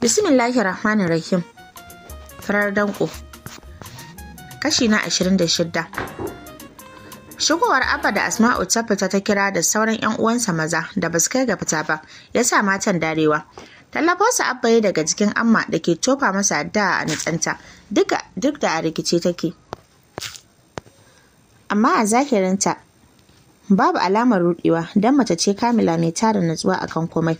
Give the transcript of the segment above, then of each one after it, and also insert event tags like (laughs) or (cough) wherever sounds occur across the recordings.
bismillahir rahmanir rahim farar danko kashi na 26 shigowar abba da asma'u ta fita ta kira da sauran yan uwansa maza da basu kai ga fita ba ya sa matan darewa tallafonsa abba ya daga jikin amma da ke tofa masa da a nutsanta duk da a rikice take amma a zahirinta babu alamar rudewa don mace ce kamila mai tara natsuwa akan komai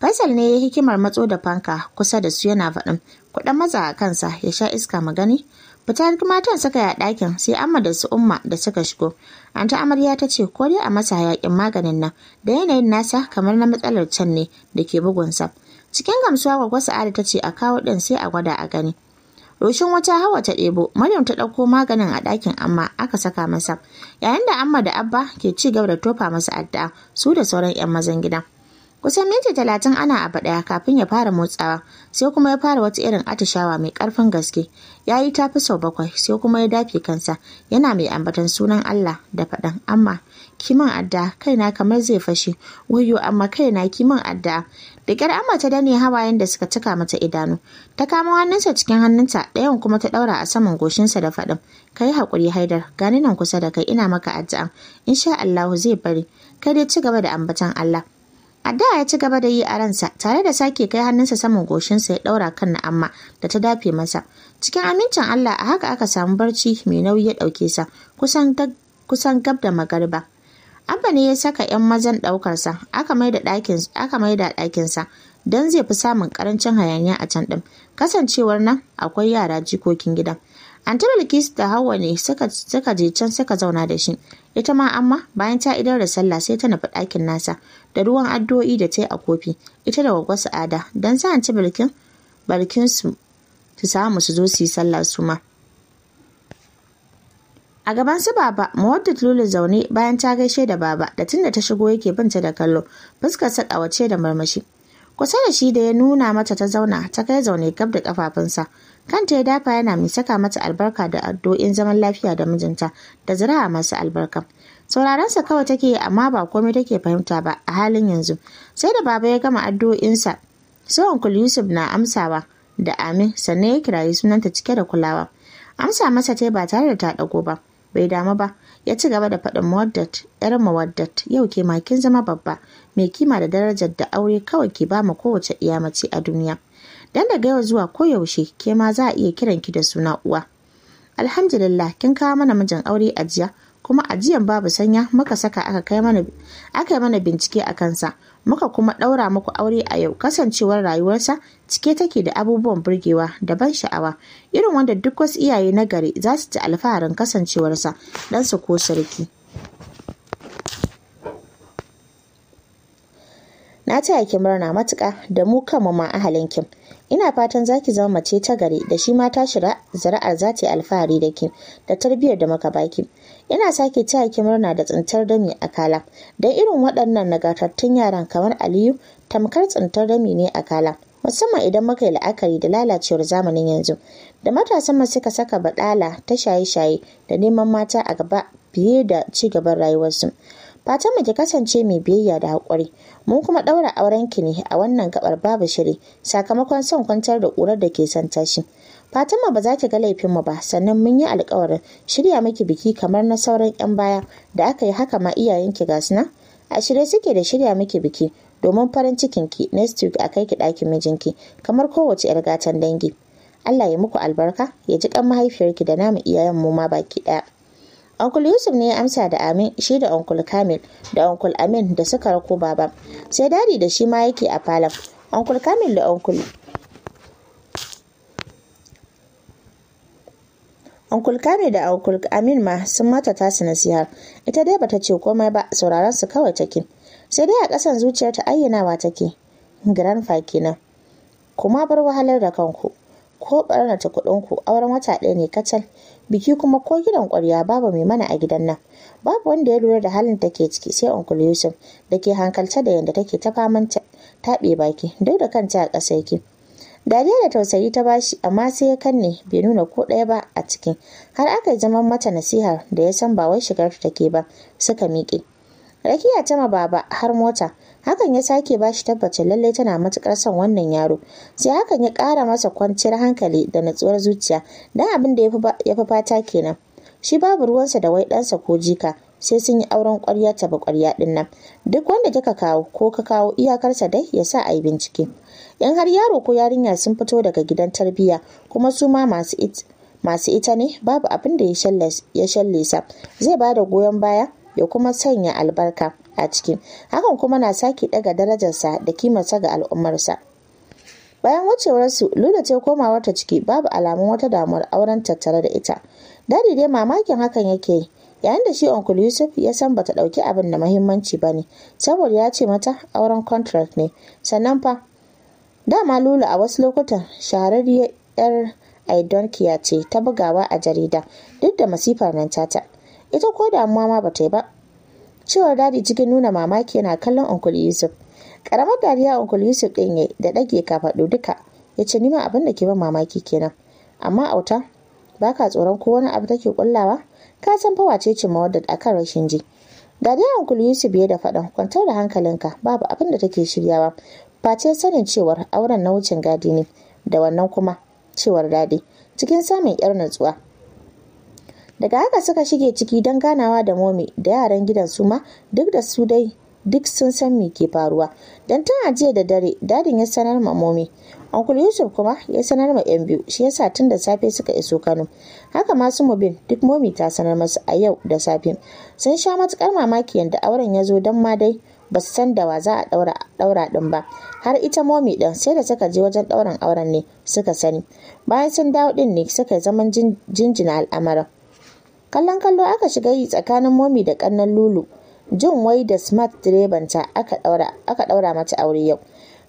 Faisal ne ya hikimar matso da fanka kusa da su yana faɗin kuɗin maza a kansa ya sha iska magani. Fitar matan suka yi a ɗakin sai amma da su umma da suka shigo. An ta amarya ta ce ko dai a masa yaƙin maganin nan da yanayin nasa kamar na matsalar can ne da ke bugunsa. Cikin gamsuwa gwagwa Sa'ada ta ce a kawo ɗin sai a gwada a gani. Roshin wata hawa ta ɗebo, Maryam ta ɗauko maganin a ɗakin amma aka saka masa. Yayin da amma da abba ke ci gaba da tofa masa addu'a su da sauran 'yan mazan gidan. kusan minti talatin ana abu ɗaya kafin ya fara motsawa sai kuma ya fara wata irin atishawa mai ƙarfin gaske ya yi tafi sau bakwai sai kuma ya dafe kansa yana mai ambatan sunan allah da faɗan amma kiman adda na kamar zai fashe wayyo, amma kai kaina kiman adda da ƙyar amma ta dane hawayen da suka cika mata idanu ta kama hannunsa cikin hannunta ɗayan kuma ta ɗaura a saman goshinsa da faɗin Kai hakuri haƙuri haidar gani nan kusa da kai ina maka addu'a insha allahu zai bari kai dai ci gaba da ambatan allah a da ya ci gaba da yi a ransa tare da sake kai hannunsa saman goshinsa ya ɗaura kan na amma da ta dafe masa. Cikin amincin Allah a haka aka samu barci mai nauyi ya ɗauke sa kusan gab da magariba. Abba ne ya saka 'yan mazan ɗaukarsa aka mai da ɗakinsa don zai fi samun ƙarancin hayaniya a can ɗin. Kasancewar nan akwai yara jikokin gidan. Anti Bilkisu da Hauwa ne suka je can suka zauna da shi. Ita ma amma bayan ta idar da sallah sai ta nufi ɗakin nasa da ruwan addu'o'i da ta yi a kofi. Ita da gwagwa Sa'ada don sa Anti Bilkin Bilkinsu su samu su zo su yi sallah su ma. A gaban su baba, Muwaddat Lulu zaune bayan ta gaishe da baba da tunda ta shigo yake binta da kallo, fuskar sa ƙawace da murmushi Kusa da shi da ya nuna mata ta zauna, ta kai zaune gab da ƙafafunsa. kanta ya dafa yana mai saka mata albarka da addu'o'in zaman lafiya da mijinta da zira'a masu albarka sauraronsa kawai take yi amma ba komai take fahimta ba a halin yanzu sai da baba ya gama addu'o'insa tsohon onkul yusuf na amsawa da amin sannan ya kirayi sunanta cike da kulawa amsa masa tai ba tare da ta dago ba bai damu ba ya ci gaba da faɗin muwaddat yar muwaddat yau ke makin zama babba mai kima da darajar da aure kawai ke ba mu kowace iya mace a duniya dan daga yau zuwa koyaushe ke ma za a iya kiran ki da suna uwa alhamdulillah kin kawo mana mijin aure a jiya kuma ajiyan babu sanya muka saka aka kai mana aka yi mana bincike a kansa muka kuma ɗaura muku aure a yau kasancewar rayuwarsa cike take da abubuwan burgewa da ban sha'awa irin wanda duk wasu iyaye na gari za su ci alfaharin kasancewarsa dan su ko sarki na taya ki murna matuƙa da mu kanmu ma ahalin kim ina fatan za ki zama mace ta gari da shi ma ta shira zara'ar za ta yi alfahari da ki da tarbiyyar da maka baki ina sake ta ki murna da tsintar dami a kala don irin waɗannan nagartattun yaran kamar aliyu tamkar tsintar dami ne a kala musamman idan muka yi la'akari da lalacewar zamanin yanzu da matasan masu suka saka baɗala ta shaye-shaye da neman mata a gaba fiye da ci gaban rayuwarsu fatan mu ki kasance mai biyayya da haƙuri mun kuma ɗaura auren ki ne a wannan gabar babu shiri sakamakon son kwantar da ƙurar da ke son tashi Fatima ba za ki ga laifinmu ba sannan mun yi alƙawarin shirya miki biki kamar na sauran 'yan baya da aka yi haka ma iyayenki ga suna a shirye suke da shirya miki biki domin farin cikin ki next week a kai ki ɗakin mijinki kamar kowace 'yar gatan dangi. Allah ya muku albarka ya ji kan mahaifiyarki da namu iyayen mu ma baki ɗaya. Uncle Yusuf ne ya amsa da Amin shi da Uncle Kamil da Uncle Amin da suka rako baba. Sai dadi da shi ma yake a falon. Uncle Kamil da Uncle Kamil da Amin ma sun mata tasu nasihar. Ita dai bata ce komai ba sauraron su kawai take. Sai dai a ƙasan zuciyarta ayyanawa take. Grandpa kenan. Kuma bar wahalar da kanku. Ko barnata ku auren wata ɗaya ne kacal. biki kuma ko gidan ƙwarya babu mai mana a gidan nan babu wanda ya lura da halin take ciki sai uncle yusuf da ke hankalce da yadda take ta faman taɓe baki duk da kanta a ƙasa yake dariya da tausayi ta bashi amma sai ya kanne bai nuna ko ɗaya ba a cikin har aka yi zaman mata nasiha da ya san ba wai shigar take ba suka miƙe rakiya ta ma baba har mota hakan ya sake ba shi tabbacin lallai tana matukar son wannan yaro sai hakan ya kara masa kwanciyar hankali da natsuwar zuciya dan abin da ya fi fata kenan shi babu ruwansa da wai ɗansa ko jika sai sun yi auren kwarya ta ba ƙwarya ɗin nan duk wanda kika kawo ko ka kawo iyakarsa dai ya sa a yi bincike in har yaro ko yarinya sun fito daga gidan tarbiyya kuma su ma masu it masu ita ne babu abin da ya shallesa zai ba da goyon baya ya kuma sanya albarka a ciki hakan kuma na sake daga darajarsa da kimarsa ga al'ummarsa bayan wucewarsu lula ce komawar ta ciki babu alamun wata damuwar auren tattare da ita dadi dai mamakin hakan yake yayin da shi onkul yusuf ya san bata dauki abin da mahimmanci ne. saboda ya ce mata auren contract ne sannan fa dama lula a wasu lokutan shahararriyar yar aidonkiya ce ta bugawa a jarida duk da masifar nan tata ita ko damuwa ma bata yi ba cewar dadi cikin nuna mamaki yana kallon uncle yusuf karamar dariya uncle yusuf ɗin ya da ɗage kafaɗu duka ya ce nima abin da ke ban mamaki kenan amma auta ba ka tsoron ko wani abu take kullawa ka san fa wace ce mawadda akan rashin ji dariya uncle yusuf ya da faɗan kwantar da hankalinka babu abin da take shiryawa face sanin cewar auren na wucin gadi ne da wannan kuma cewar dadi cikin samun yar natsuwa daga haka suka shige ciki don ganawa da momi da yaran gidan su ma duk da su dai duk sun san me ke faruwa don tun a jiya da dare dadin ya sanar ma momi Uncle Yusuf kuma ya sanar ma 'yan biyu shi yasa tun da safe suka iso Kano. Haka ma masu mobin duk momi ta sanar masu a yau da safe. Sun sha matukar mamaki yadda auren ya zo don ma dai ba su san da wa za a daura din ba. Har ita momi din sai da suka je wajen dauran auren ne suka sani. Bayan sun dawo din ne suka zaman jinjina al'amarin. kallon kallo aka shiga yi tsakanin momi da kannan lulu jin wai da smart direbanta aka daura mata aure yau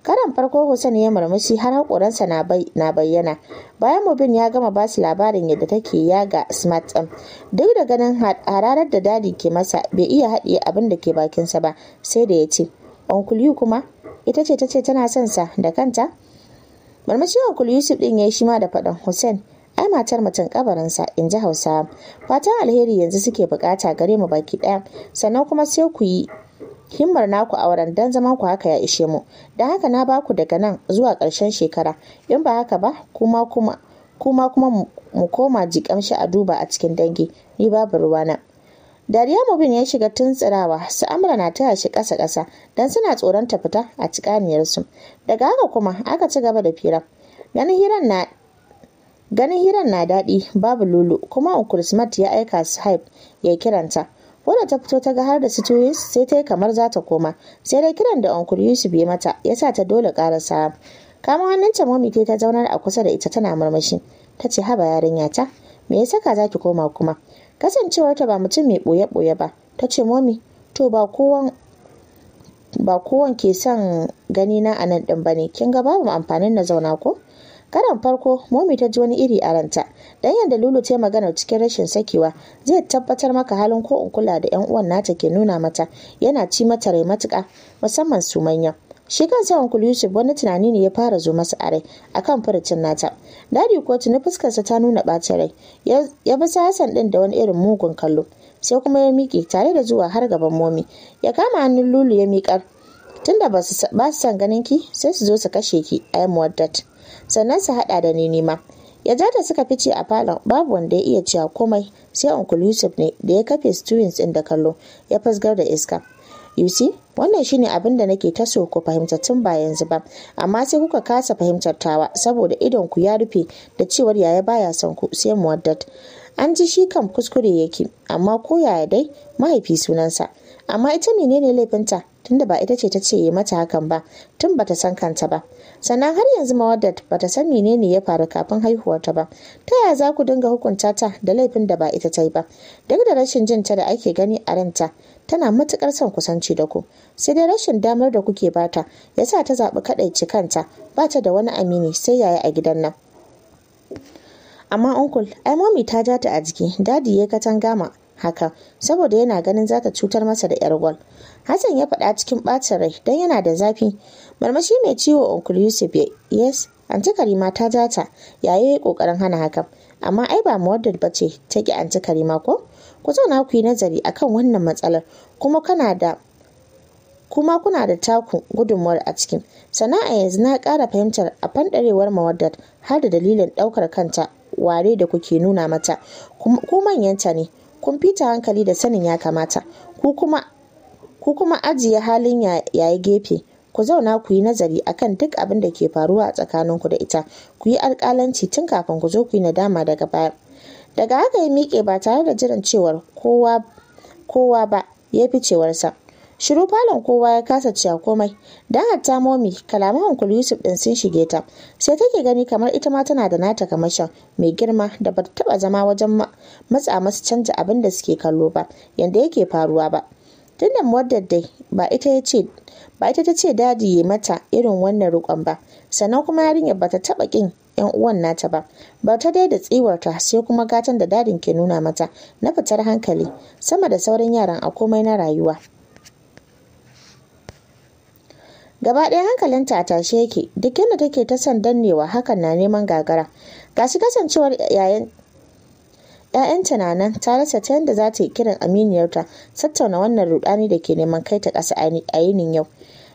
karan farko Hussein ya murmushi har haƙuransa na bayyana bayan mubin ya gama basu su labarin yadda take ya ga smart ɗin duk da ganin hararar da dadi ke masa bai iya haɗiye abin da ke bakinsa ba sai da ya ce onkul kuma ita ce ta ce tana son sa da kanta murmushi onkuliyu yusuf ɗin ya yi shi da faɗin Hussein ai matar mutum kabarinsa in ji hausa fatan alheri yanzu suke bukata gare mu baki ɗaya sannan kuma sai ku yi himmar naku auren dan zaman ku haka ya ishe mu da haka na baku daga nan zuwa ƙarshen shekara in ba haka ba kuma kuma kuma kuma mu koma jikamshi a duba a cikin dangi ni babu ruwa na. dariya mubin ya shiga tun tsirawa, su amra na taya shi ƙasa ƙasa don suna tsoron ta fita a cikaniyarsu daga haka kuma aka ci gaba da fira ganin hiran na ganin hiran na daɗi babu lulu kuma uncle christmas ya aika su hype ya kiranta wadda ta fito ta ga har da situyus sai ta yi kamar za ta koma sai dai kiran da uncle yusuf ya mata ya sa ta dole karasa kama wannan tamomi ta zauna a kusa da ita tana murmushi ta ce haba yarinya ta me ya saka za ki koma kuma kasancewar ta ba mutum mai ɓoye-ɓoye ba ta ce "Mami, to ba kowan ba kowan ke son gani na anan din bane kin ga babu amfanin na zauna ko karan farko momi ta ji wani iri a ranta dan yadda lulu ta magana cikin rashin sakewa zai tabbatar maka halin ko in kula da yan uwan nata ke nuna mata yana ci mata rai matuka musamman su manya shi kan sa uncle yusuf wani tunani ne ya fara zo masa a rai akan furucin nata dadi ko tuni fuskarsa ta nuna ɓacin rai ya bi sa ɗin din da wani irin mugun kallo sai kuma ya miƙe tare da zuwa har gaban momi ya kama hannun lulu ya miƙar tunda ba su san ganin ki sai su zo su kashe ki ai muwaddat sannan su haɗa da ni ma. ya ja da suka fice a falon babu wanda ya iya cewa komai sai uncle yusuf ne da ya kafe stewins ɗin da kallo ya fasgar da iska you see wannan shine abin da nake ta so ku fahimta tun ba yanzu ba amma sai kuka kasa fahimtar tawa saboda idon ku ya rufe da cewar yaya baya son ku sai muwaddat an ji shi kam kuskure yake amma ko yaya dai mahaifi sunansa amma ita menene laifinta tunda ba ita ce ta ce yi mata hakan ba tun bata san kanta ba sannan har yanzu mawaddat ta san menene ya faru kafin haihuwarta ba ta yaya za ku dinga hukunta ta da laifin da ba ita ta yi ba duk da rashin jin ta da ake gani a ranta tana matukar son kusanci da ku sai dai rashin damar da kuke bata ya sa ta zaɓi kaɗaici kanta ta da wani amini sai yaya a gidan nan amma uncle ai mami ta ja ta a jiki dadi ya katanga ma haka saboda yana ganin za ta cutar masa da yar gwal hassan ya faɗa cikin ɓacin rai don yana da zafi marmashi mai ciwo uncle yusuf ya yes anti karima ta zata yayi kokarin ƙoƙarin hana haka. amma ai ba mu ba ce ta ki anti karima ko ku na ku yi nazari akan wannan matsalar kuma kana da kuma kuna da taku gudunmuwar a cikin sana'a yanzu na ƙara fahimtar a fanɗarewar mawaddar har da dalilin ɗaukar kanta ware da kuke nuna mata ku manyanta ne kun fita hankali da sanin ya kamata ku kuma ajiye halin yayi gefe ku zauna ku yi nazari akan duk abin da ke faruwa a tsakaninku da ita ku yi alkalanci tun kafin ku zo ku yi nadama daga baya daga haka ya miƙe ba tare da jiran cewar kowa ba ya fi cewarsa shiru falon kowa ya kasa cewa komai dan hatta momi kalaman hankul yusuf din sun shige ta sai take gani kamar ita ma tana da nata kamashin mai girma da bata taba zama wajen matsa masu canja abin da suke kallo ba yanda yake faruwa ba tun da muwaddadai ba ita ya ce ta ce dadi ya mata irin wannan rukon ba sannan kuma yarinyar bata taba kin yan uwan nata ba ba ta dai da tsiwarta sai kuma gatan da dadin ke nuna mata na fitar hankali sama da sauran yaran a komai na rayuwa gaba ɗaya hankalinta a tashe yake duk yadda take ta son dannewa hakan na neman gagara ga shi kasancewar yayan ‘ya'yanta na nan ta rasa ta yadda za ta yi kiran aminiyarta tattauna wannan rudani da ke neman kai ta ƙasa a yinin yau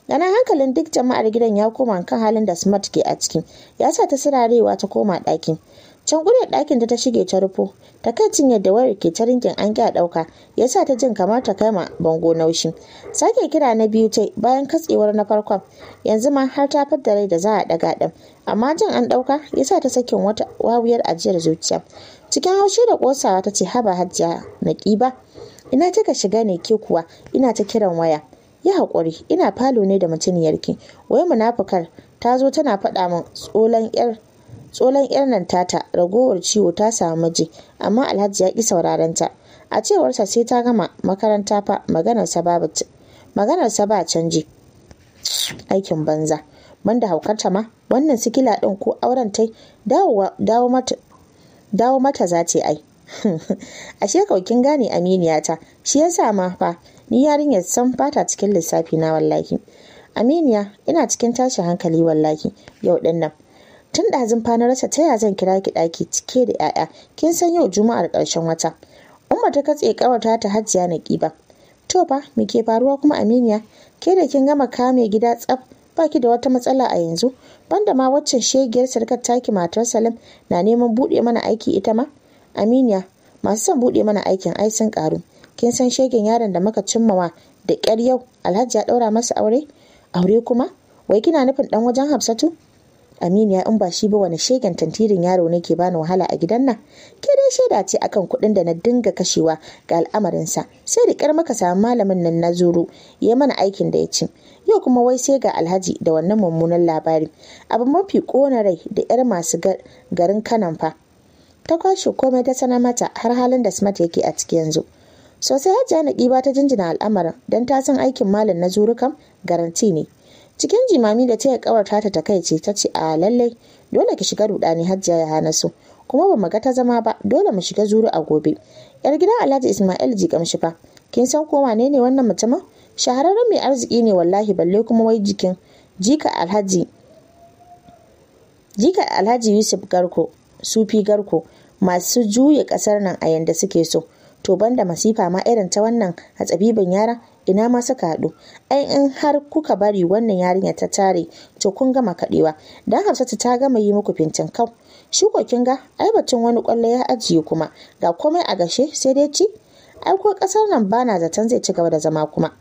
ganin hankalin duk jama'ar gidan ya koma kan halin da smart ke a cikin ya sa ta sirarewa ta koma ɗakin can gudun ɗakin da ta shige ta rufo takaicin yadda wayar ke ta rinkin an ƙya ɗauka ya sa ta jin kamar ta ma bango naushi sake kira na biyu ta bayan katsewar na farkon yanzu ma har ta fidda rai da za a ɗaga ɗin amma jin an ɗauka ya sa ta sakin wata wawiyar ajiyar zuciya cikin haushi da ƙosawa ta ce haba hajjiya na ƙiba ina kika shiga ne ke kuwa ina ta kiran waya yi haƙuri ina falo ne da mutuniyarki wai munafukar ta zo tana faɗa min tsolon 'yar tsolon yar nan tata ragowar ciwo ta samu maji amma alhaji ya ki sauraron ta a cewarsa sai ta gama makaranta fa maganarsa ba canji aikin banza banda haukarta ma wannan sikila din ko auren tai dawo mata za ta ai (laughs) ashe kaukin gane aminiyata shi yasa ma fa ni yarinyar san fata cikin lissafi na wallahi aminiya ina cikin tashin hankali wallahi yau din nan tun ɗazin fa na rasa ya zan kira ki ɗaki cike da 'ya'ya kin san yau juma'ar ƙarshen wata umma ta katse ƙawarta ta hajjiya na ƙiba to fa me ke faruwa kuma aminiya ke da kin gama kame gida tsaf baki da wata matsala a yanzu banda ma waccan shegiyar sarkar taki matar salim na neman buɗe mana aiki ita ma aminiya masu son buɗe mana aikin ai sun ƙaru kin san shegen yaron da muka cimmawa da ƙyar yau alhaji ya ɗaura masa aure aure kuma wai kina nufin ɗan wajen hafsatu Aminu ya in ba shi ba wani shegen tantirin yaro ne ke bani wahala a gidan nan ke dai shaida ce akan kuɗin da na dinga kashewa ga al'amarinsa sai da ƙyar maka samu malamin nan na zuru ya mana aikin da ya ci yau kuma wai sai ga alhaji da wannan mummunan labari abu mafi ƙona rai da 'yar masu garin kanan fa ta kwashe komai ta sanar mata har halin da smart yake a ciki yanzu sosai hajjiya na ɗiba ta jinjina al'amarin don ta san aikin malam na zuru kam garanti ne cikin jimami da taya kawarta ta ta takaice ta ce a ah, lallai dole ki shiga rudani hajjiya ya hana su kuma ba mu ga ta zama ba dole mu shiga zuru a gobe yar gidan alhaji ismail ji kamshi fa kin san ko wane ne wannan mutumin shahararren mai arziki ne wallahi balle kuma wai jikin jika alhaji jika alhaji yusuf garko sufi garko masu juya kasar nan a yanda suke so to banda masifa ma irin ta wannan a tsabiban yara ina ma suka haɗu ai in har kuka bari wannan yarinya ta tare to kun gama kaɗewa dan Hafsatu ta gama yi muku fintin kau Shuko, kin ga ai batun wani kwallo ya ajiye kuma ga komai a gashe sai dai ci ai ko ƙasar nan bana zaton zai ci gaba da zama kuma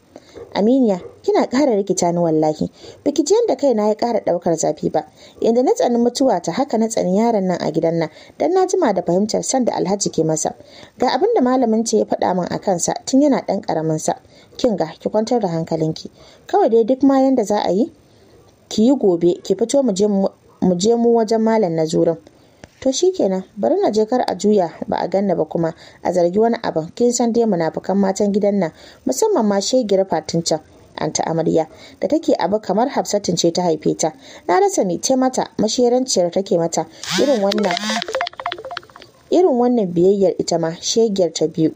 Aminiya, kina ƙara rikita ni wallahi. Biki ji kai na ya ƙara ɗaukar zafi ba. Yanda na tsani mutuwa ta haka na tsani yaron nan a gidan nan, dan na jima da fahimtar san da Alhaji ke masa. Ga abinda malamin ce ya faɗa min a kansa tun yana ɗan ƙaramin sa. kin ga ki kwantar da hankalinki kawai dai duk ma yanda za a yi ki yi gobe ki fito mu je mu wajen malam na zuran to shikenan bari na je kar a juya ba a ganna ba kuma a zargi wani abu kin san dai munafukan matan gidan nan musamman ma shegira fatin can anta amarya da take abu kamar hafsatin ce ta haife ta na rasa ni ce mata mashiranciyar take mata irin wannan irin wannan biyayyar ita ma shegiyar ta biyu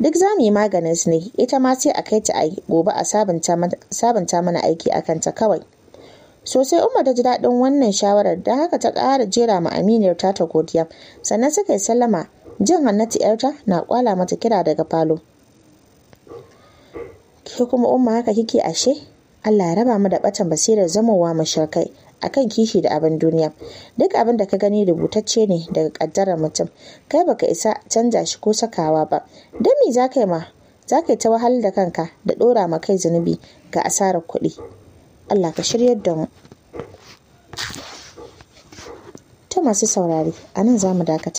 duk za mu yi maganin su ne ita ma sai a kai ta a gobe a sabunta mana aiki a kanta kawai sosai umar ta ji daɗin wannan shawarar da haka ta ƙara jera ma aminiyar ta ta godiya sannan suka yi sallama jin hannatu yarta na kwala mata kira daga falo ke kuma umma haka kike ashe Allah ya raba mu da batan basirar zamowa mashirkai akan kishi da abin duniya duk abin da ka gani rubutacce ne daga kaddarar mutum kai baka isa canza shi ko sakawa ba don me za ka yi ma za ka ta wahalar da kanka da dora ma kai zunubi ga asarar kuɗi allah ka shiryar da mu ta masu saurari a nan za mu dakata